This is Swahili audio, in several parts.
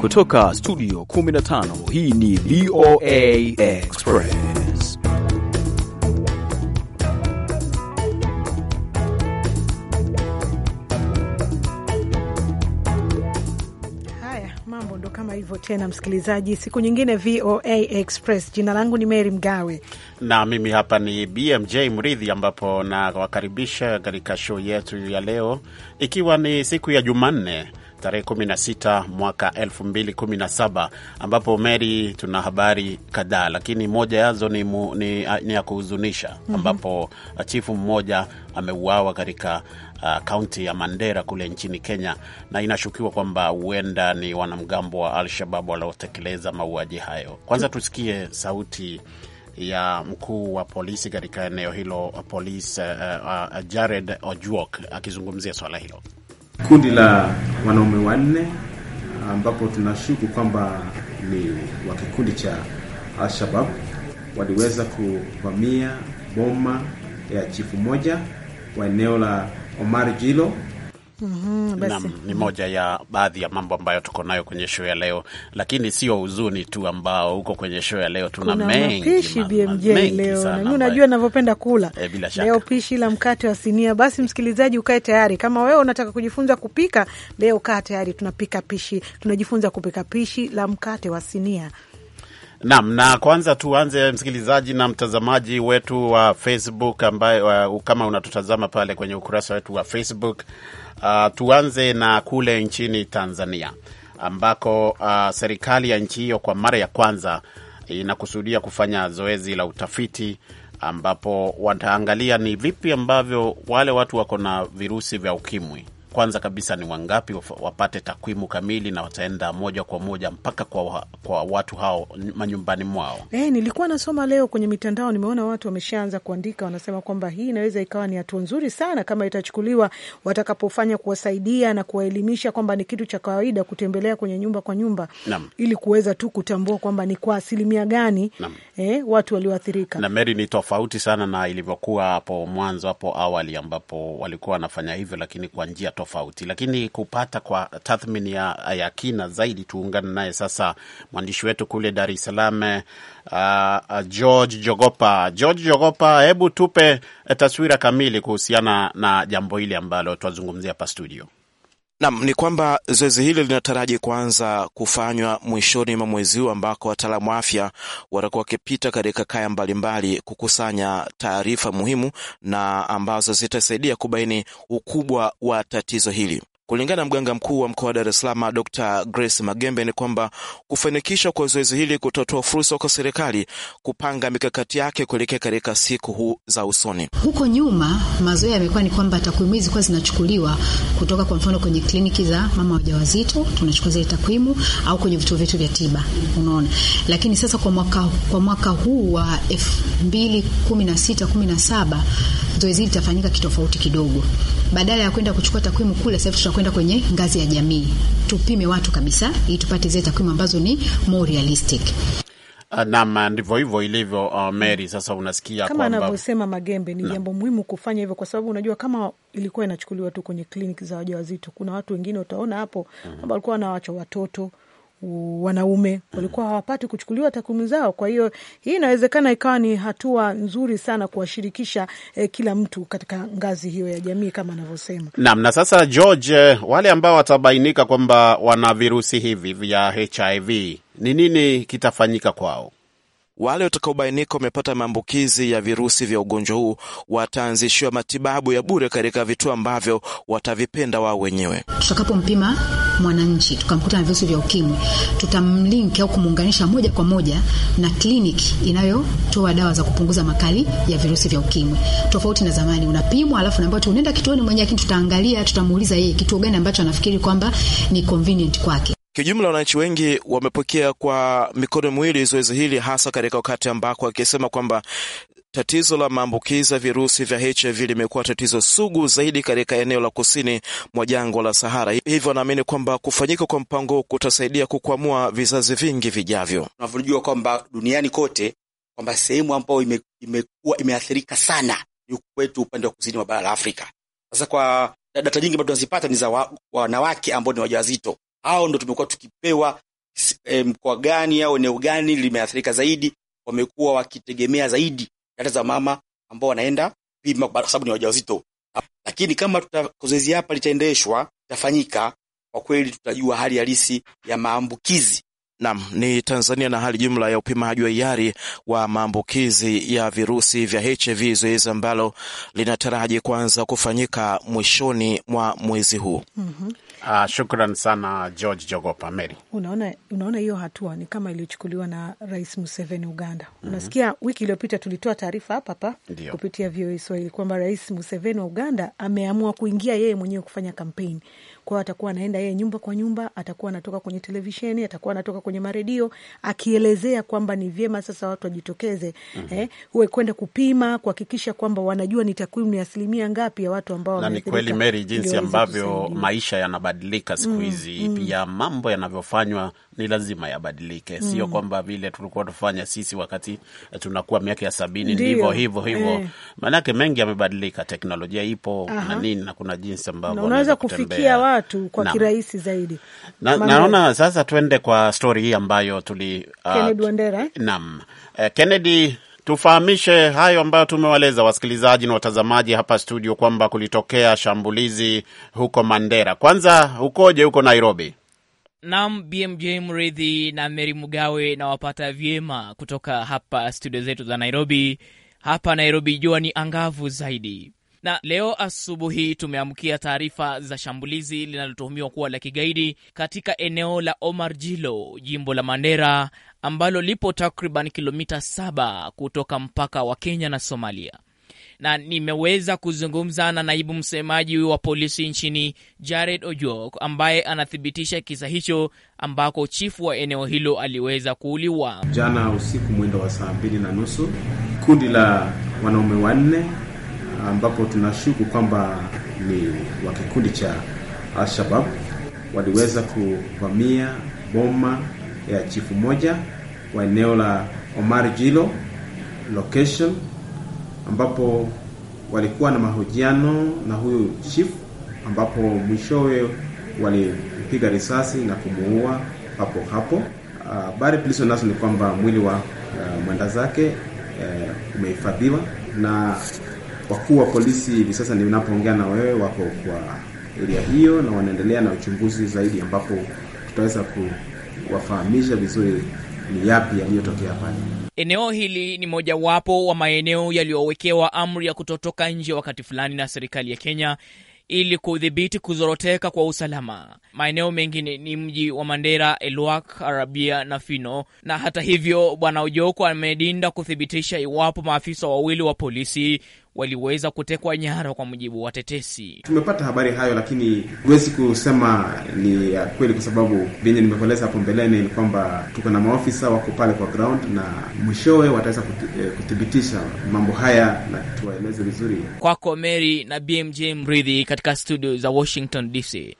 Kutoka studio 15 hii ni VOA Express. Haya mambo ndo kama hivyo tena, msikilizaji, siku nyingine VOA Express. Jina langu ni Mary Mgawe na mimi hapa ni BMJ Mridhi, ambapo nawakaribisha katika show yetu ya leo, ikiwa ni siku ya Jumanne tarehe 16 mwaka 2017, ambapo Meri, tuna habari kadhaa, lakini moja yazo ni, mu, ni, ni ya kuhuzunisha mhm. ambapo chifu mmoja ameuawa katika kaunti uh, ya Mandera kule nchini Kenya, na inashukiwa kwamba huenda ni wanamgambo wa al shababu waliotekeleza mauaji hayo. Kwanza mm. tusikie sauti ya mkuu wa polisi katika eneo hilo, polisi uh, uh, Jared Ojuok akizungumzia swala hilo kundi la wanaume wanne ambapo tunashuku kwamba ni wa kikundi cha Al-Shabab waliweza kuvamia boma ya chifu moja wa eneo la Omar Jilo Mm -hmm, nam ni moja ya baadhi ya mambo ambayo tuko nayo kwenye show ya leo, lakini sio huzuni tu ambao huko kwenye show ya leo. Tuna mengi mapishi BMJ leo, na mimi unajua ninavyopenda kula e, bila shaka. Leo pishi la mkate wa sinia. Basi msikilizaji, ukae tayari kama wewe unataka kujifunza kupika leo, kaa tayari, tunapika pishi, tunajifunza kupika pishi la mkate wa sinia. Naam, na kwanza tuanze msikilizaji na mtazamaji wetu wa Facebook ambaye uh, kama unatutazama pale kwenye ukurasa wetu wa Facebook uh, tuanze na kule nchini Tanzania ambako uh, serikali ya nchi hiyo kwa mara ya kwanza inakusudia kufanya zoezi la utafiti ambapo wataangalia ni vipi ambavyo wale watu wako na virusi vya ukimwi kwanza kabisa ni wangapi wapate takwimu kamili na wataenda moja kwa moja mpaka kwa, kwa watu hao manyumbani mwao. E, nilikuwa nasoma leo kwenye mitandao, nimeona watu wameshaanza kuandika, wanasema kwamba hii inaweza ikawa ni hatua nzuri sana kama itachukuliwa watakapofanya kuwasaidia na kuwaelimisha kwamba ni kitu cha kawaida kutembelea kwenye nyumba kwa nyumba Nam. ili kuweza tu kutambua kwamba ni kwa asilimia gani e, watu walioathirika. Na Mary, ni tofauti sana na ilivyokuwa hapo mwanzo hapo awali ambapo walikuwa wanafanya hivyo, lakini kwa njia tofauti tofauti, lakini kupata kwa tathmini ya, ya kina zaidi, tuungane naye sasa mwandishi wetu kule Dar es Salaam uh, George Jogopa. George Jogopa, hebu tupe eh, taswira kamili kuhusiana na jambo hili ambalo twazungumzia hapa studio. Nam ni kwamba zoezi hilo linataraji kuanza kufanywa mwishoni mwa mwezi huu ambako wataalamu wa afya watakuwa wakipita katika kaya mbalimbali kukusanya taarifa muhimu na ambazo zitasaidia kubaini ukubwa wa tatizo hili. Kulingana na mganga mkuu wa mkoa wa Dar es Salaam Dr Grace Magembe ni kwamba kufanikishwa kwa zoezi hili kutotoa fursa kwa serikali kupanga mikakati yake kuelekea katika siku huu za usoni. Huko nyuma mazoea yamekuwa ni kwamba takwimu hizi kuwa zinachukuliwa kutoka kwa mfano kwenye kliniki za mama wajawazito, tunachukua zile takwimu au kwenye vituo vyetu vya tiba, unaona. Lakini sasa kwa mwaka, kwa mwaka huu wa elfu mbili kumi na sita kumi na saba zoezi hili litafanyika kitofauti kidogo, badala ya kwenda kuchukua takwimu kule sasa kwenda kwenye ngazi ya jamii. Tupime watu kabisa, ili tupate zile takwimu ambazo ni more realistic. Ah, naam, ndivyo hivyo ilivyo. Uh, Mary, sasa unasikia kama anavyosema Magembe, ni jambo muhimu kufanya hivyo, kwa sababu unajua kama ilikuwa inachukuliwa tu kwenye kliniki za wajawazito, kuna watu wengine utaona hapo mhm. ambao walikuwa wanawacha watoto wanaume walikuwa hawapati kuchukuliwa takwimu zao. Kwa hiyo hii inawezekana ikawa ni hatua nzuri sana kuwashirikisha eh, kila mtu katika ngazi hiyo ya jamii kama anavyosema. nam na sasa George, eh, wale ambao watabainika kwamba wana virusi hivi vya HIV, ni nini kitafanyika kwao? Wale watakaobainika wamepata maambukizi ya virusi vya ugonjwa huu wataanzishiwa matibabu ya bure katika vituo ambavyo watavipenda wao wenyewe. Tutakapompima mwananchi tukamkuta na virusi vya ukimwi, tutamlink au kumuunganisha moja kwa moja na kliniki inayotoa dawa za kupunguza makali ya virusi vya ukimwi, tofauti na zamani. Unapimwa alafu naambiwa tu unaenda kituoni mwenyewe, lakini tutaangalia, tutamuuliza yeye kituo gani ambacho anafikiri kwamba ni convenient kwake. Kiujumla, wananchi wengi wamepokea kwa mikono miwili zoezi hili, hasa katika wakati ambako akisema kwamba tatizo la maambukizi ya virusi vya HIV limekuwa tatizo sugu zaidi katika eneo la kusini mwa jangwa la Sahara. Hivyo wanaamini kwamba kufanyika kwa mpango kutasaidia kukwamua vizazi vingi vijavyo. unavyojua kwamba duniani kote kwamba sehemu ambayo imekuwa imeathirika sana ni kwetu upande wa kusini mwa bara la Afrika. Sasa kwa data nyingi bado tunazipata ni za wanawake ambao ni wajawazito au ndo tumekuwa tukipewa e, mkoa gani au eneo gani limeathirika zaidi, wamekuwa wakitegemea zaidi data za mama ambao wanaenda pima kwa sababu ni wajawazito. Lakini kama zoezi hapa litaendeshwa, litafanyika kwa kweli, tutajua hali halisi ya maambukizi. Nam ni Tanzania na hali jumla ya upimaji wa hiari wa maambukizi ya virusi vya HIV, zoezi ambalo linataraji kuanza kufanyika mwishoni mwa mwezi huu. mm -hmm. Uh, shukran sana George Jogopa Mary. Unaona, unaona hiyo hatua ni kama iliyochukuliwa na Rais Museveni Uganda. mm -hmm. Unasikia wiki iliyopita tulitoa taarifa hapa hapa kupitia VOA Swahili kwamba Rais Museveni wa Uganda ameamua kuingia yeye mwenyewe kufanya kampeni kwao. Atakuwa anaenda yeye nyumba kwa nyumba, atakuwa anatoka kwenye televisheni, atakuwa anatoka kwenye maredio akielezea kwamba ni vyema sasa watu wajitokeze, mm -hmm. eh, uwe kwenda kupima kuhakikisha kwamba wanajua ni takwimu ni asilimia ngapi ya watu ambao na ni kweli Mary, jinsi ambavyo maisha yanabadilika siku mm, hizi mm, -hmm. pia mambo yanavyofanywa ni lazima yabadilike, mm. sio mm, kwamba vile tulikuwa tufanya sisi wakati eh, tunakuwa miaka ya sabini ndivyo hivyo hivyo eh. Maanake mengi yamebadilika, teknolojia ipo na nini, na kuna jinsi ambavyo unaweza kufikia watu watu kwa kirahisi zaidi. Na, naona sasa tuende kwa stori hii ambayo tuli uh, Kennedy Wandera Uh, Kennedy tufahamishe hayo ambayo tumewaeleza wasikilizaji na watazamaji hapa studio kwamba kulitokea shambulizi huko Mandera. Kwanza hukoje huko Nairobi? Nam BMJ Mridhi na Meri Mugawe nawapata vyema kutoka hapa studio zetu za Nairobi. Hapa Nairobi jua ni angavu zaidi, na leo asubuhi tumeamkia taarifa za shambulizi linalotuhumiwa kuwa la kigaidi katika eneo la Omar Jilo, jimbo la Mandera, ambalo lipo takriban kilomita saba kutoka mpaka wa Kenya na Somalia na nimeweza kuzungumza na naibu msemaji wa polisi nchini Jared Ojok ambaye anathibitisha kisa hicho ambako chifu wa eneo hilo aliweza kuuliwa jana usiku mwendo wa saa mbili na nusu. Kundi la wanaume wanne ambapo tunashuku kwamba ni wa kikundi cha Al-Shabab waliweza kuvamia boma ya chifu moja wa eneo la Omar Jilo location, ambapo walikuwa na mahojiano na huyu chifu, ambapo mwishowe walimpiga risasi na kumuua hapo hapo. Habari tulizo nazo ni kwamba mwili wa uh, mwenda zake uh, umehifadhiwa na Wakuu wa polisi hivi sasa ninapoongea na wewe wako kwa eria hiyo na wanaendelea na uchunguzi zaidi, ambapo tutaweza kuwafahamisha vizuri ni yapi yaliyotokea pale. Eneo hili ni mojawapo wa maeneo yaliyowekewa amri ya kutotoka nje wakati fulani na serikali ya Kenya ili kudhibiti kuzoroteka kwa usalama. Maeneo mengine ni mji wa Mandera, Elwak, Arabia na Fino. Na hata hivyo, Bwana ujoko amedinda kuthibitisha iwapo maafisa wawili wa polisi waliweza kutekwa nyara, kwa mujibu wa tetesi. Tumepata habari hayo, lakini huwezi kusema ni ya kweli, kwa sababu venye nimekueleza hapo mbeleni ni kwamba tuko na maofisa wako pale kwa ground, na mwishowe wataweza eh, kuthibitisha mambo haya na tuwaeleze vizuri. Kwako Mary na BMJ Mridhi katika studio za Washington DC.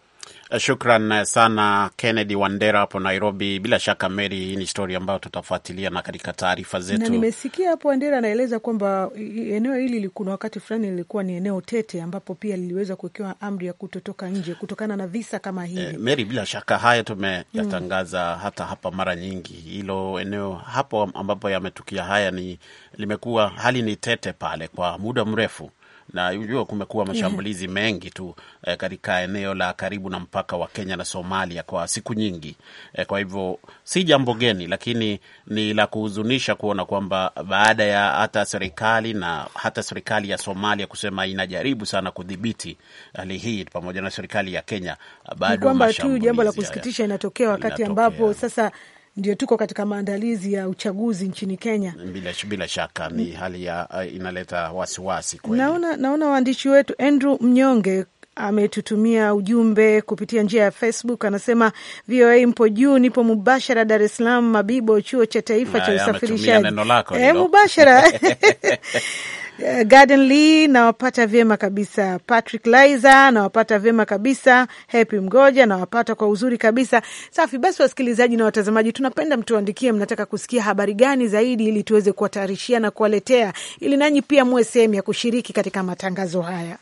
Eh, shukran eh, sana Kennedy Wandera hapo Nairobi. Bila shaka Mary, hii ni histori ambayo tutafuatilia na katika taarifa zetu, na nimesikia hapo Wandera anaeleza kwamba eneo hili kuna wakati fulani lilikuwa ni eneo tete ambapo pia liliweza kuwekewa amri ya kutotoka nje kutokana na visa kama hili Eh, Mary, bila shaka haya tumeyatangaza mm, hata hapa mara nyingi. Hilo eneo hapo ambapo yametukia haya ni limekuwa hali ni tete pale kwa muda mrefu na hujua kumekuwa mashambulizi mengi tu eh, katika eneo la karibu na mpaka wa Kenya na Somalia kwa siku nyingi eh, kwa hivyo si jambo geni, lakini ni la kuhuzunisha kuona kwamba baada ya hata serikali na hata serikali ya Somalia kusema inajaribu sana kudhibiti hali hii pamoja na serikali ya Kenya, bado kwamba tu jambo la kusikitisha inatokea wakati ambapo sasa ndio tuko katika maandalizi ya uchaguzi nchini Kenya. Bila, bila shaka ni mm. hali ya uh, inaleta wasiwasi kweli. Naona, naona waandishi wetu Andrew Mnyonge ametutumia ujumbe kupitia njia ya Facebook. Anasema VOA mpo juu, nipo mubashara Dar es Salaam, Mabibo, chuo cha taifa cha usafirishaji e, mubashara Eh, Garden Lee nawapata vyema kabisa. Patrick Liza nawapata vyema kabisa. Happy Mgoja nawapata kwa uzuri kabisa. Safi basi, wasikilizaji na watazamaji, tunapenda mtuandikie, mnataka kusikia habari gani zaidi, ili tuweze kuwatayarishia na kuwaletea, ili nanyi pia muwe sehemu ya kushiriki katika matangazo haya.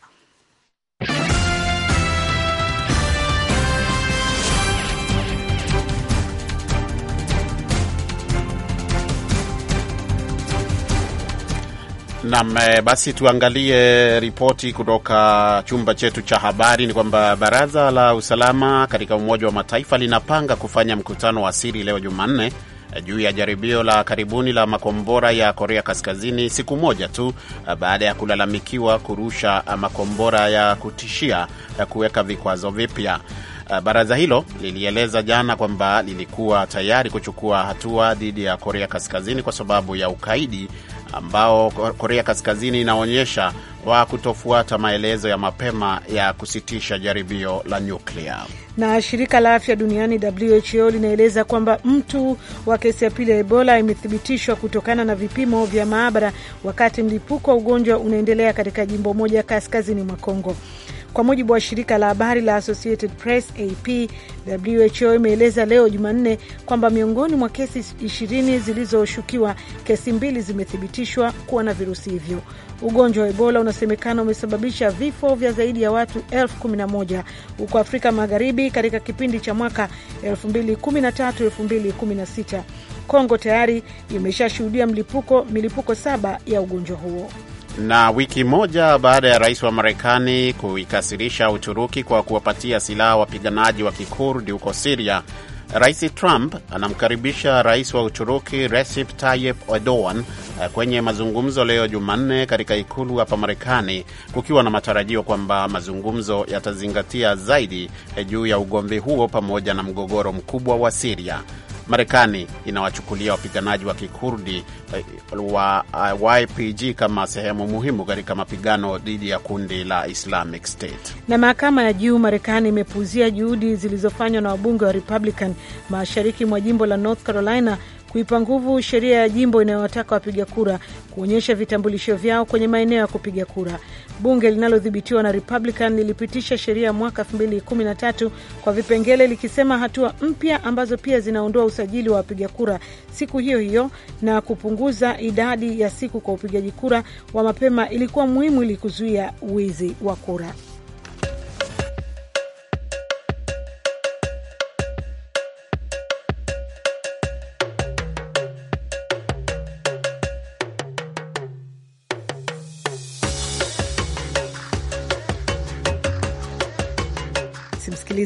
Nam, eh, basi tuangalie ripoti kutoka chumba chetu cha habari. Ni kwamba baraza la usalama katika Umoja wa Mataifa linapanga kufanya mkutano wa siri leo Jumanne eh, juu ya jaribio la karibuni la makombora ya Korea Kaskazini, siku moja tu eh, baada ya kulalamikiwa kurusha makombora ya kutishia ya kuweka vikwazo vipya. Baraza hilo lilieleza jana kwamba lilikuwa tayari kuchukua hatua dhidi ya Korea Kaskazini kwa sababu ya ukaidi ambao Korea Kaskazini inaonyesha wa kutofuata maelezo ya mapema ya kusitisha jaribio la nyuklia. Na shirika la afya duniani WHO linaeleza kwamba mtu wa kesi ya pili ya Ebola imethibitishwa kutokana na vipimo vya maabara wakati mlipuko wa ugonjwa unaendelea katika jimbo moja kaskazini mwa Kongo. Kwa mujibu wa shirika la habari la Associated Press AP, WHO imeeleza leo Jumanne kwamba miongoni mwa kesi 20 zilizoshukiwa, kesi mbili zimethibitishwa kuwa na virusi hivyo. Ugonjwa wa Ebola unasemekana umesababisha vifo vya zaidi ya watu 11 huko Afrika Magharibi katika kipindi cha mwaka 2013-2016. Kongo tayari imeshashuhudia mlipuko milipuko saba ya ugonjwa huo. Na wiki moja baada ya rais wa Marekani kuikasirisha Uturuki kwa kuwapatia silaha wapiganaji wa kikurdi huko Siria, Rais Trump anamkaribisha rais wa Uturuki Recep Tayyip Erdogan eh, kwenye mazungumzo leo Jumanne katika ikulu hapa Marekani, kukiwa na matarajio kwamba mazungumzo yatazingatia zaidi eh, juu ya ugomvi huo pamoja na mgogoro mkubwa wa Siria. Marekani inawachukulia wapiganaji wa kikurdi eh, wa eh, YPG kama sehemu muhimu katika mapigano dhidi ya kundi la Islamic State. Na mahakama ya juu Marekani imepuuzia juhudi zilizofanywa na wabunge wa Republican mashariki mwa jimbo la North Carolina kuipa nguvu sheria ya jimbo inayowataka wapiga kura kuonyesha vitambulisho vyao kwenye maeneo ya kupiga kura. Bunge linalodhibitiwa na Republican lilipitisha sheria mwaka 2013 kwa vipengele likisema hatua mpya ambazo pia zinaondoa usajili wa wapiga kura siku hiyo hiyo na kupunguza idadi ya siku kwa upigaji kura wa mapema ilikuwa muhimu ili kuzuia wizi wa kura.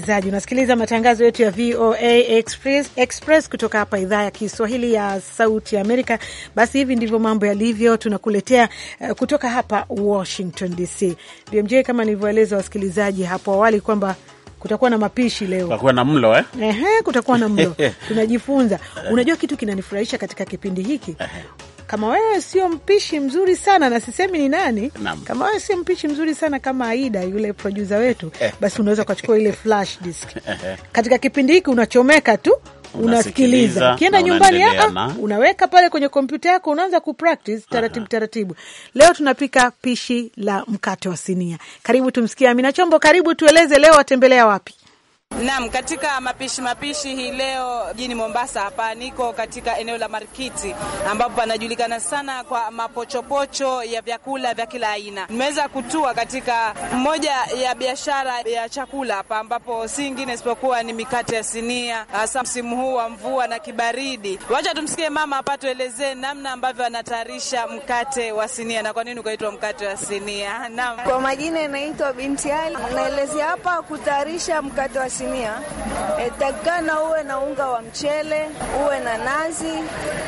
msikilizaji, unasikiliza matangazo yetu ya VOA Express, Express kutoka hapa idhaa ya Kiswahili ya Sauti Amerika. Basi hivi ndivyo mambo yalivyo, tunakuletea uh, kutoka hapa Washington DC. BMJ, kama nilivyoeleza wasikilizaji hapo awali kwamba kutakuwa na mapishi leo, kutakuwa na mlo eh? Ehe, kutakuwa na mlo tunajifunza. Unajua kitu kinanifurahisha katika kipindi hiki kama wewe sio mpishi mzuri sana, na sisemi ni nani, kama wewe sio mpishi mzuri sana kama Aida yule producer wetu, eh. basi unaweza ukachukua ile flash disk. Katika kipindi hiki unachomeka tu unasikiliza ukienda nyumbani, hapa unaweka pale kwenye kompyuta yako, unaanza practice taratibu taratibu. Leo tunapika pishi la mkate wa sinia. Karibu tumsikie Amina Chombo, karibu tueleze leo watembelea wapi? Naam, katika mapishi mapishi hii leo jijini Mombasa hapa niko katika eneo la markiti ambapo panajulikana sana kwa mapochopocho ya vyakula vya kila aina. Nimeweza kutua katika moja ya biashara ya chakula hapa ambapo si ingine isipokuwa ni mikate ya sinia, hasa msimu huu wa mvua na kibaridi. Wacha tumsikie mama hapa tuelezee namna ambavyo anatayarisha mkate wa sinia na kwa nini ukaitwa mkate wa sinia. Naam. Kwa majina inaitwa Binti Ali. Naelezea hapa kutayarisha mkate wa sinia sinia. Itakikana eh, uwe na unga wa mchele, uwe na nazi,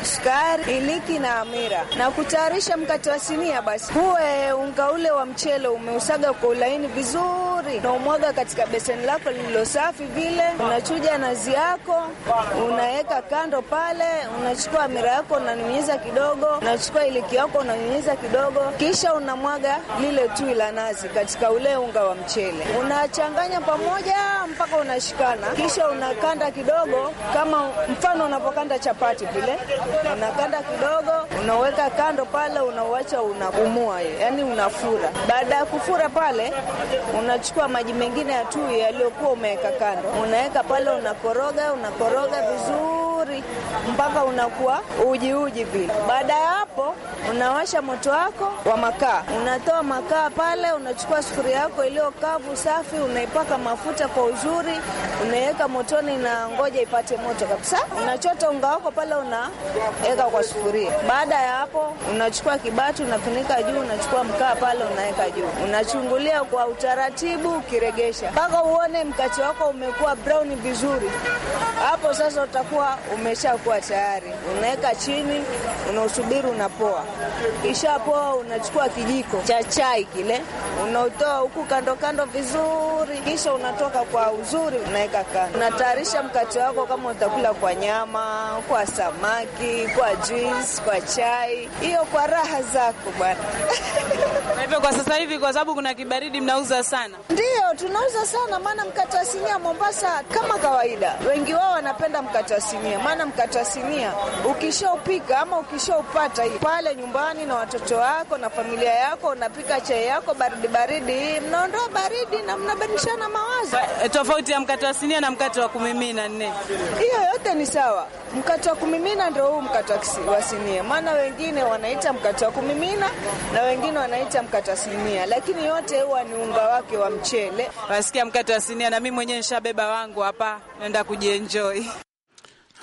sukari, iliki na amira. Na kutayarisha mkate wa sinia, basi huwe unga ule wa mchele umeusaga kwa ulaini vizuri vizuri, unaumwaga katika beseni lako lililosafi vile, unachuja nazi yako unaweka kando pale, unachukua amira yako unanyunyiza kidogo, unachukua iliki yako unanyunyiza kidogo, kisha unamwaga lile tui la nazi katika ule unga wa mchele, unachanganya pamoja mpaka unashikana, kisha unakanda kidogo, kama mfano unapokanda chapati vile, unakanda kidogo, unaweka kando pale, unauacha unapumua, yani unafura. Baada ya kufura pale unachukua unachukua maji mengine ya tui yaliyokuwa umeweka kando, unaweka pale, unakoroga, unakoroga vizuri vizuri mpaka unakuwa uji uji vile. Baada ya hapo, unawasha moto wako wa makaa, unatoa makaa pale, unachukua sufuria yako iliyo kavu safi, unaipaka mafuta kwa uzuri, unaweka motoni na ngoja ipate moto kabisa. Unachota unga wako pale, unaweka kwa sufuria. Baada ya hapo, unachukua kibati, unafunika juu, unachukua mkaa pale, unaweka juu, unachungulia kwa utaratibu, ukiregesha mpaka uone mkate wako umekuwa brown vizuri. Hapo sasa utakuwa umeshakuwa tayari, unaweka chini, unausubiri unapoa. Kishapoa unachukua kijiko cha chai kile, unautoa huku kando kando vizuri, kisha unatoka kwa uzuri, unaweka kando. Unatayarisha mkate wako, kama utakula kwa nyama, kwa samaki, kwa juice, kwa chai, hiyo kwa raha zako bwana. Na hivyo kwa sasa hivi, kwa sababu kuna kibaridi, mnauza sana? ndio tunauza sana, maana mkate wa sinia Mombasa kama kawaida, wengi wao wanapenda mkate wa sinia maana mkatasinia ukishaupika ama ukishaupata pale nyumbani na watoto wako na familia yako, unapika chai yako baridi baridi, hii mnaondoa baridi na mnabadilishana mawazo. Eh, eh, tofauti ya mkate wa sinia na mkate wa kumimina nne, hiyo yote ni sawa. Mkate wa kumimina ndio huu mkate wa sinia, maana wengine wanaita mkate wa kumimina na wengine wanaita mkate wa sinia, lakini yote huwa ni unga wake wa mchele. Wasikia mkate wa sinia, na mimi mwenyewe nishabeba wangu hapa, naenda kujienjoi.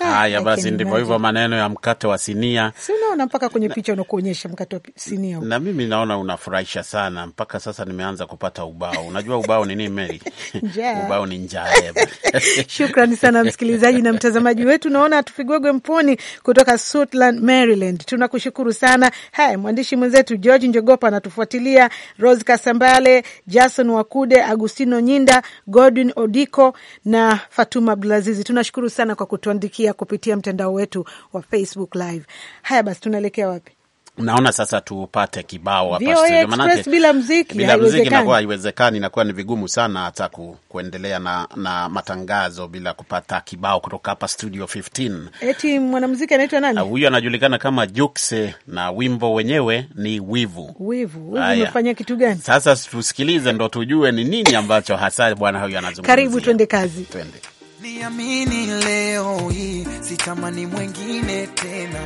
Ah, Haya basi, ndivyo hivyo maneno ya mkate wa sinia. Si unaona mpaka kwenye picha unakuonyesha mkate wa sinia. Na mimi naona unafurahisha sana, mpaka sasa nimeanza kupata ubao. Unajua ubao ni nini Mary? ubao ni njaa. Shukrani sana msikilizaji na mtazamaji wetu, naona atupigwegwe mponi kutoka Suitland, Maryland. Tunakushukuru sana. Haya, mwandishi mwenzetu George Njogopa anatufuatilia, Rose Kasambale, Jason Wakude, Agustino Nyinda, Godwin Odiko na Fatuma Abdulazizi. Tunashukuru sana kwa kutuandikia pia kupitia mtandao wetu wa Facebook Live. Haya basi, tunaelekea wapi? Naona sasa tupate kibao bila mziki, bila mziki inakuwa haiwezekani, inakuwa ni vigumu sana hata ku, kuendelea na, na matangazo bila kupata kibao kutoka hapa studio 15. Eti mwanamuziki anaitwa nani? Uh, Huyu anajulikana kama Jukse na wimbo wenyewe ni Wivu. Wivu umefanya kitu gani? Sasa tusikilize ndo tujue ni nini ambacho hasa bwana huyu anazungumzia. Karibu, twende kazi, twende. Niamini leo hii sitamani mwengine tena,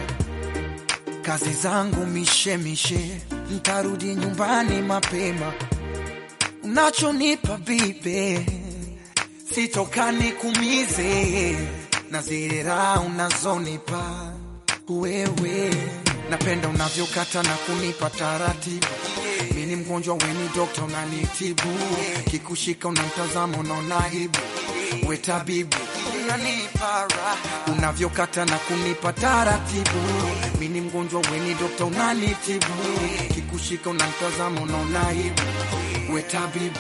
kazi zangu mishemishe, ntarudi nyumbani mapema. Unachonipa bibe sitokani kumize, na zile raha unazonipa wewe, napenda unavyokata na kunipa taratibu ni mgonjwa weni dokta unanitibu, kikushika unamtazama, unaona aibu, we tabibu unanipa raha, unavyokata na kunipa taratibu. Mimi mgonjwa weni dokta unanitibu, kikushika unamtazama, unaona aibu, we tabibu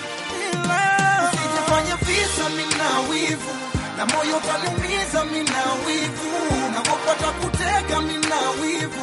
usijifanye visa, mina wivu na moyo utaniumiza, mina wivu na wapata kuteka, mina wivu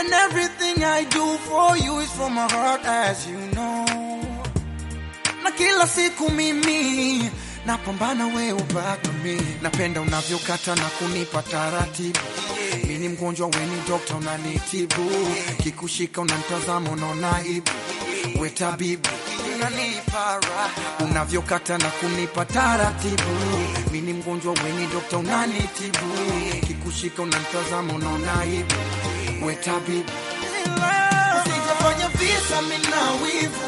And everything I do for you is from my heart as you know. Na kila siku mimi napambana wewe bado mimi. Napenda unavyokata na kunipa taratibu. Mimi ni mgonjwa wewe ni dokta unanitibu. Kikushika unanitazama unaona ibu. We tabibu unanipa raha. Unavyokata na kunipa taratibu. Mimi ni mgonjwa wewe ni dokta unanitibu. Kikushika unanitazama unaona ibu we tabibu, sijafanya visa mina wivu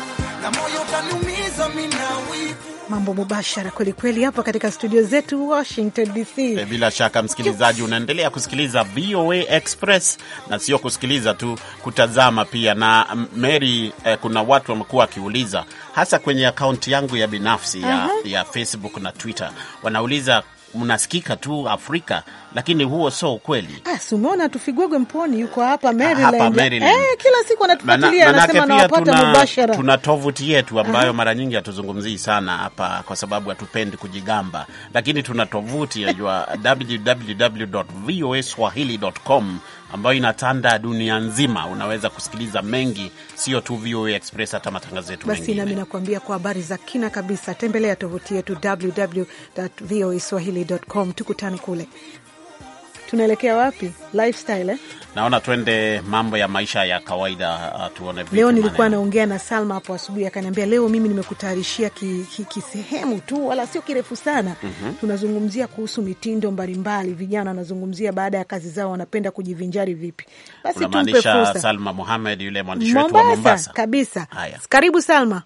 na moyo mina wivu Mambo mubashara kweli kweli hapa katika studio zetu Washington DC. Eh, bila shaka, msikilizaji, unaendelea kusikiliza VOA Express na sio kusikiliza tu, kutazama pia. Na Mary eh, kuna watu wamekuwa wakiuliza hasa kwenye akaunti yangu ya binafsi ya, uh -huh. ya Facebook na Twitter wanauliza mnasikika tu Afrika lakini huo sio ukweli. Ah, umeona Tufigwege Mponi yuko hapa ah, Maryland, hapa Maryland. Eh, kila siku anatufuatilia anasema anawapata mubashara. Tuna tovuti yetu ambayo mara nyingi hatuzungumzii sana hapa kwa sababu hatupendi kujigamba, lakini tuna tovuti yajua www.voaswahili.com ambayo inatanda dunia nzima. Unaweza kusikiliza mengi, sio tu VOA Express, hata matangazo yetu mengine. Basi nami nakuambia kwa habari za kina kabisa, tembelea tovuti yetu www.voaswahili.com. Tukutane kule. Tunaelekea wapi? Lifestyle eh? Naona twende mambo ya maisha ya kawaida uh, tuone vitu. Leo nilikuwa naongea na Salma hapo asubuhi, akaniambia leo mimi nimekutayarishia kisehemu ki, ki tu wala sio kirefu sana mm -hmm. Tunazungumzia kuhusu mitindo mbalimbali, vijana wanazungumzia baada ya kazi zao wanapenda kujivinjari vipi. Basi tumpe fursa Salma Mohamed, yule mwandishi wetu wa Mombasa kabisa. Haya. Karibu Salma.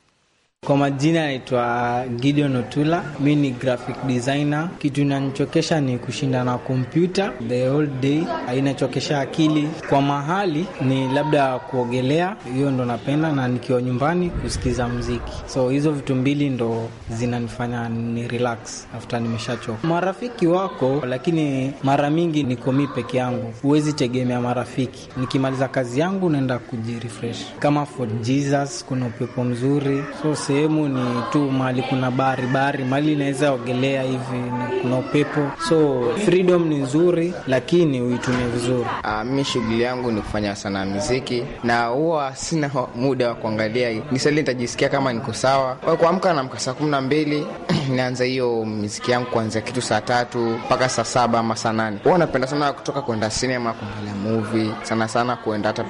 Kwa majina anaitwa Gideon Otula, mi ni graphic designer. Kitu inanichokesha ni kushinda na kompyuta the whole day, inachokesha akili. Kwa mahali ni labda kuogelea, hiyo ndo napenda, na nikiwa nyumbani kusikiza mziki. So hizo vitu mbili ndo zinanifanya ni relax after nimeshachoka. Marafiki wako, lakini mara mingi niko mi peke yangu, huwezi tegemea marafiki. Nikimaliza kazi yangu naenda kujirefresh, kama for Jesus kuna upepo mzuri so sehemu ni tu mahali kuna bahari bahari, mahali inaweza ogelea hivi, kuna upepo, so freedom ni nzuri, lakini uitumie vizuri. Uh, ah, mi shughuli yangu ni kufanya sana muziki, na huwa sina muda wa kuangalia nisali, nitajisikia kama niko sawa kuamka, namka saa kumi na mbili naanza hiyo miziki yangu kuanzia kitu saa tatu mpaka saa saba ama saa nane. Huwa napenda sana kutoka kwenda sinema kuangalia movie, sana sana kuenda hata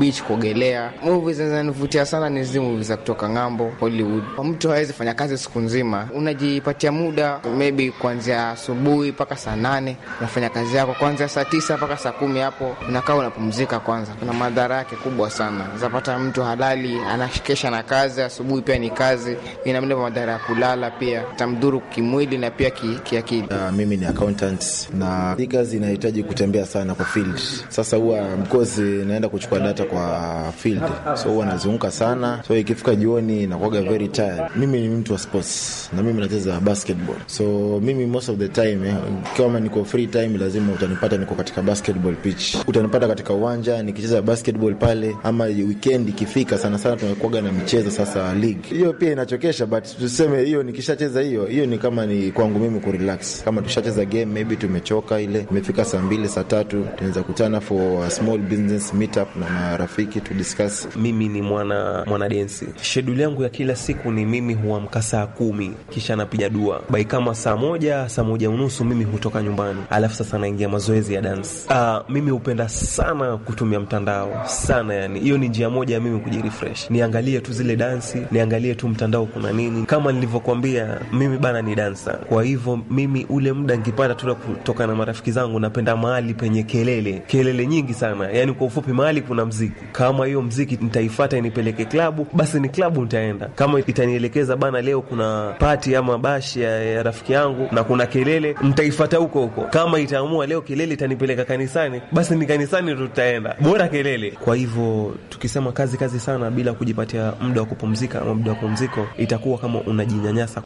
beach kuogelea. Movie zinazonivutia sana ni zile movie za kutoka ng'ambo Hollywood. Mtu hawezi fanya kazi siku nzima, unajipatia muda maybe kuanzia asubuhi mpaka saa nane unafanya kazi yako, kuanzia saa tisa mpaka saa kumi hapo unakaa unapumzika kwanza. Kuna madhara yake kubwa sana, zapata mtu halali anashikesha na kazi, asubuhi pia ni kazi, inamlepa madhara ya kulala pia, tamdhuru kimwili na pia kiakili. Ki uh, ah, mimi ni accountant na hii kazi inahitaji kutembea sana kwa field. Sasa huwa mkozi naenda kuchukua data kwa field, so huwa nazunguka sana, so ikifika jioni inakuwaga very tired. Mimi ni mtu wa sports na mimi nacheza basketball, so mimi most of the time eh, kama niko free time lazima utanipata niko katika basketball pitch, utanipata katika uwanja nikicheza basketball pale, ama weekend ikifika, sana sana tunakuaga na michezo sasa league. Hiyo pia inachokesha, but tuseme hiyo nikishacheza hiyo hiyo ni kama ni kwangu mimi kurelax. Kama tushacheza game maybe tumechoka, ile imefika saa mbili saa tatu tunaweza kutana for a small business meetup na marafiki to discuss. Mimi ni mwana mwana densi, shedule yangu ya kila siku ni mimi huamka saa kumi kisha napiga dua bai kama saa moja saa moja unusu mimi hutoka nyumbani, alafu sasa naingia mazoezi ya dansi. Uh, ah, mimi hupenda sana kutumia mtandao sana, yani hiyo ni njia moja ya mimi kujirefresh, niangalie tu zile dansi, niangalie tu mtandao kuna nini. Kama nilivyokuambia mimi bana ni dansa, kwa hivyo mimi ule muda nkipata tu kutoka na marafiki zangu, napenda mahali penye kelele, kelele nyingi sana, yani kwa ufupi mahali kuna mziki. Kama hiyo mziki nitaifata inipeleke klabu, basi ni klabu nitaenda kama kama itanielekeza bana, leo kuna pati ama bashi ya, ya rafiki yangu na kuna kelele, ntaifata huko huko. Kama itaamua leo kelele itanipeleka kanisani, basi ni kanisani ndo tutaenda, bora kelele. Kwa hivyo tukisema kazi kazi sana bila kujipatia muda wa kupumzika ama muda wa pumziko, itakuwa kama unajinyanyasa.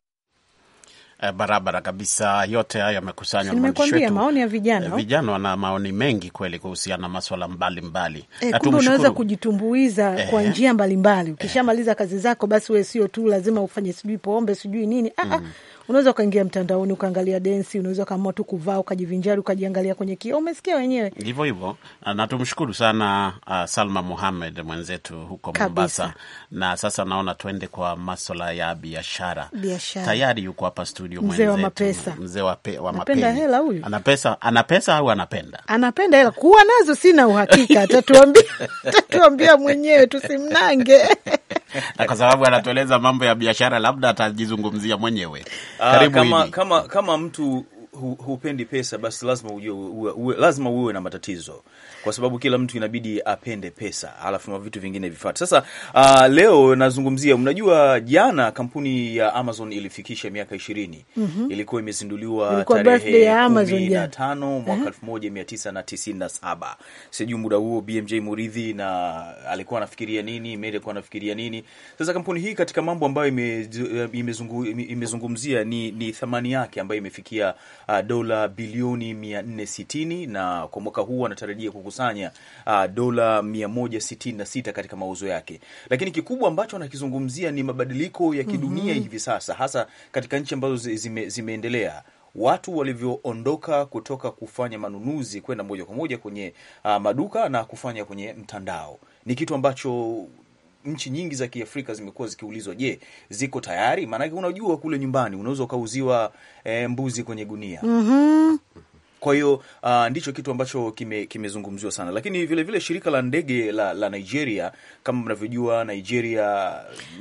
Eh, barabara kabisa. Yote hayo yamekusanywa Maoni ya vijana, eh, vijana wana maoni mengi kweli kuhusiana na maswala mbalimbali. E, kumbe unaweza kujitumbuiza eh, kwa njia mbalimbali ukishamaliza eh, kazi zako, basi wewe sio tu lazima ufanye sijui pombe sijui nini ah, ah. mm unaweza ukaingia mtandaoni ukaangalia densi, unaweza ukaamua tu kuvaa ukajivinjari ukajiangalia kwenye kio, umesikia wenyewe hivyo hivyo. Ah, na tumshukuru sana uh, Salma Muhamed mwenzetu huko Mombasa Na sasa naona twende kwa maswala ya biashara. Tayari yuko hapa studio mwenzetu, mzee wa mapesa, mzee wa pe, wa anapenda hela huyu, ana pesa, ana pesa au anapenda, anapenda hela kuwa nazo, sina uhakika, atatuambia atatuambia mwenyewe, tusimnange na kwa sababu anatueleza mambo ya biashara, labda atajizungumzia mwenyewe. Ah, Karibu kama, kama, kama mtu hupendi pesa basi lazima uwe, uwe, lazima uwe na matatizo kwa sababu kila mtu inabidi apende pesa, alafu na vitu vingine vifuate. Sasa uh, leo nazungumzia, unajua jana kampuni ya Amazon ilifikisha miaka ishirini. mm -hmm. Ilikuwa imezinduliwa tarehe kumi na tano mwaka eh? elfu moja mia tisa na tisini na saba. Sijui muda huo BMJ Muridhi na alikuwa anafikiria nini, Mary alikuwa anafikiria nini? Sasa kampuni hii katika mambo ambayo imezungumzia ni, ni thamani yake ambayo imefikia uh, dola bilioni mia nne sitini na kwa mwaka huu anatarajia kuku kukusanya uh, dola 166 katika mauzo yake. Lakini kikubwa ambacho anakizungumzia ni mabadiliko ya kidunia mm -hmm. hivi sasa hasa katika nchi ambazo zime, zimeendelea watu walivyoondoka kutoka kufanya manunuzi kwenda moja kwa moja kwenye uh, maduka na kufanya kwenye mtandao ni kitu ambacho nchi nyingi za Kiafrika zimekuwa zikiulizwa, je, ziko tayari? Maanake unajua kule nyumbani unaweza ukauziwa e, mbuzi kwenye gunia mm -hmm. Kwa hiyo uh, ndicho kitu ambacho kimezungumziwa kime sana, lakini vilevile vile shirika la ndege la, la Nigeria kama mnavyojua, Nigeria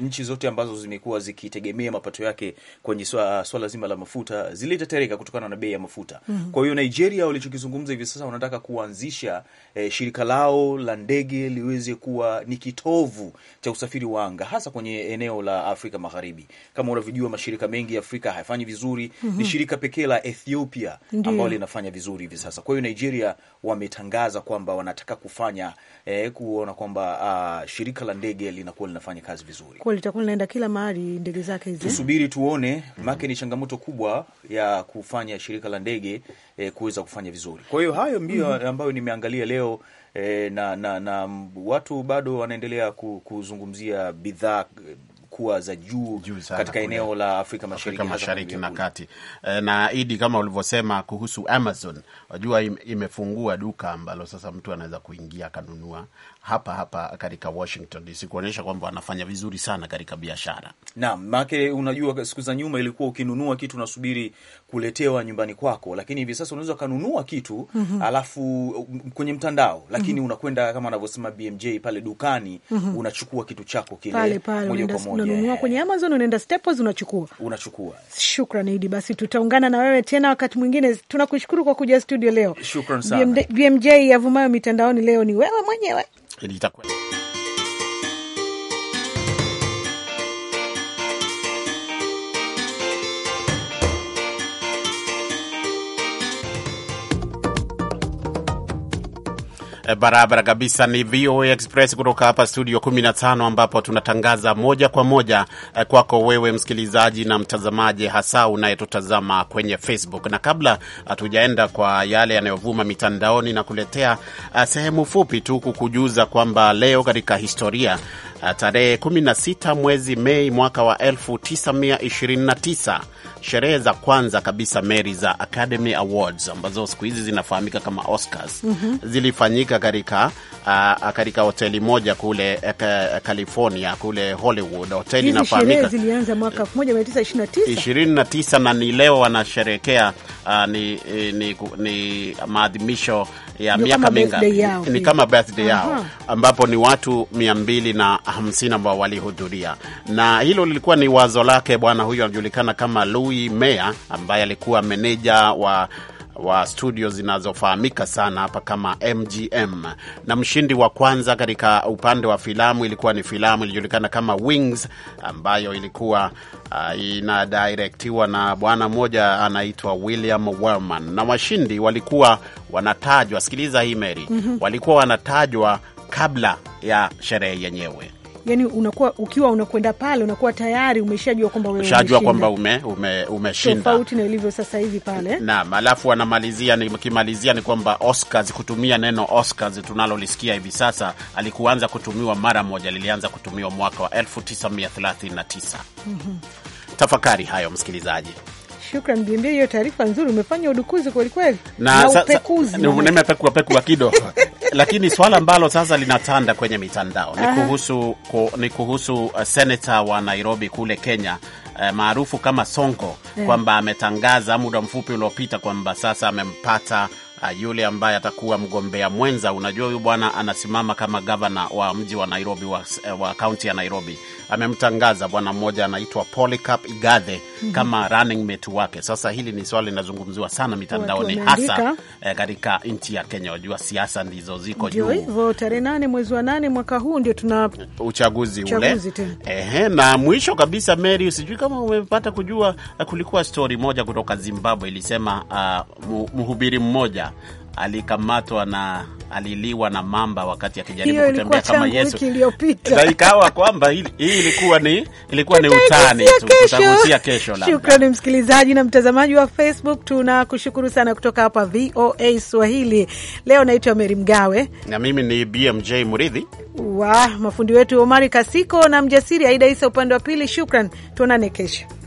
nchi zote ambazo zimekuwa zikitegemea mapato yake kwenye swala zima la mafuta zilitetereka kutokana na bei ya mafuta mm -hmm. Kwa hiyo Nigeria walichokizungumza hivi sasa wanataka kuanzisha eh, shirika lao la ndege liweze kuwa ni kitovu cha usafiri wa anga hasa kwenye eneo la Afrika Magharibi. Kama unavyojua mashirika mengi ya Afrika hayafanyi vizuri mm -hmm. Ni shirika pekee la Ethiopia ambalo linafanya wanafanya vizuri hivi sasa. Kwa hiyo Nigeria wametangaza kwamba wanataka kufanya eh, kuona kwamba uh, shirika la ndege linakuwa linafanya kazi vizuri, kwa litakuwa linaenda kila mahali ndege zake hizi. Eh? Tusubiri tuone, mhm. maana ni changamoto kubwa ya kufanya shirika la ndege eh, kuweza kufanya vizuri. Kwa hiyo hayo ndio mm -hmm. ambayo nimeangalia leo eh, na, na, na watu bado wanaendelea kuzungumzia bidhaa kuwa za juu, juu katika eneo la Afrika Mashariki, Afrika Mashariki na kati. Eh, na Idi, kama ulivyosema kuhusu Amazon, wajua imefungua duka ambalo sasa mtu anaweza kuingia akanunua hapa hapa katika Washington DC kuonyesha kwamba wanafanya vizuri sana katika biashara. Naam, maake unajua, siku za nyuma ilikuwa ukinunua kitu unasubiri kuletewa nyumbani kwako, lakini hivi sasa unaweza ukanunua kitu mm -hmm. alafu um, kwenye mtandao, lakini mm -hmm. unakwenda kama anavyosema BMJ pale dukani mm -hmm. unachukua kitu chako kile moja kwa moja, unanunua kwenye Amazon, unaenda Staples unachukua unachukua. Idi, basi tutaungana na wewe tena wakati mwingine. Tunakushukuru kwa kuja studio leo. sana BMJ. Yavumayo mitandaoni leo ni wewe mwenyewe. 给你一块。Eh, barabara kabisa. Ni VOA Express kutoka hapa studio 15 ambapo tunatangaza moja kwa moja eh, kwako wewe msikilizaji na mtazamaji, hasa unayetutazama kwenye Facebook. Na kabla hatujaenda kwa yale yanayovuma mitandaoni, na kuletea eh, sehemu fupi tu kukujuza kwamba leo katika historia tarehe 16 mwezi Mei mwaka wa 1929 sherehe za kwanza kabisa Mary za Academy Awards ambazo siku hizi zinafahamika kama Oscars mm -hmm. zilifanyika katika uh, katika hoteli moja kule uh, California kule Hollywood. Hoteli inafahamika zilianza mwaka 1929 na ni leo wanasherekea uh, ni, ni, ni maadhimisho ya miaka mingi, ni kama birthday yao, ambapo ni watu 250 ambao walihudhuria, na hilo lilikuwa ni wazo lake bwana huyu anajulikana kama Louis Mayer ambaye alikuwa meneja wa wa studio zinazofahamika sana hapa kama MGM, na mshindi wa kwanza katika upande wa filamu ilikuwa ni filamu ilijulikana kama Wings ambayo ilikuwa uh, inadirektiwa na bwana mmoja anaitwa William Wellman, na washindi walikuwa wanatajwa, sikiliza hii Mary, mm -hmm. walikuwa wanatajwa kabla ya sherehe yenyewe yani unakuwa ukiwa unakwenda pale unakuwa tayari umeshajua kwamba wewe umeshajua kwamba ume, ume, tofauti na ilivyo sasa hivi pale. Naam, alafu wanamalizia nikimalizia ni kwamba Oscars, kutumia neno Oscars tunalolisikia hivi sasa alikuanza kutumiwa mara moja, lilianza kutumiwa mwaka wa 1939. mm -hmm. Tafakari hayo msikilizaji. Shukran BMJ, hiyo taarifa nzuri. Umefanya udukuzi kwelikweli na, na upekuzi. Nimepekua pekua kidogo lakini swala ambalo sasa linatanda kwenye mitandao ni kuhusu, ku, ni kuhusu uh, seneta wa Nairobi kule Kenya uh, maarufu kama Sonko yeah, kwamba ametangaza muda mfupi uliopita kwamba sasa amempata uh, yule ambaye atakuwa mgombea mwenza. Unajua, huyu bwana anasimama kama gavana wa mji wa Nairobi wa uh, kaunti ya Nairobi amemtangaza bwana mmoja anaitwa Polycarp Igathe mm -hmm. kama running mate wake. Sasa hili ni swali linazungumziwa sana mitandaoni hasa eh, katika nchi ya Kenya. Wajua siasa ndizo ziko juu. Ndio hivyo, tarehe nane mwezi wa nane mwaka huu ndio tuna uchaguzi, uchaguzi ule. Ehe, na mwisho kabisa, Mary, sijui kama umepata kujua, kulikuwa stori moja kutoka Zimbabwe ilisema uh, mhubiri mmoja alikamatwa na aliliwa na mamba wakati akijaribu kutembea kama Yesu, na ikawa kwamba hii ilikuwa ni ilikuwa ni utani tu, tutagusia kesho. shukrani msikilizaji na mtazamaji wa Facebook, tunakushukuru sana kutoka hapa VOA Swahili. Leo naitwa Meri Mgawe na mimi ni BMJ Muridhi wa mafundi wetu Omari Kasiko na mjasiri Aida Isa upande wa pili. Shukran, tuonane kesho.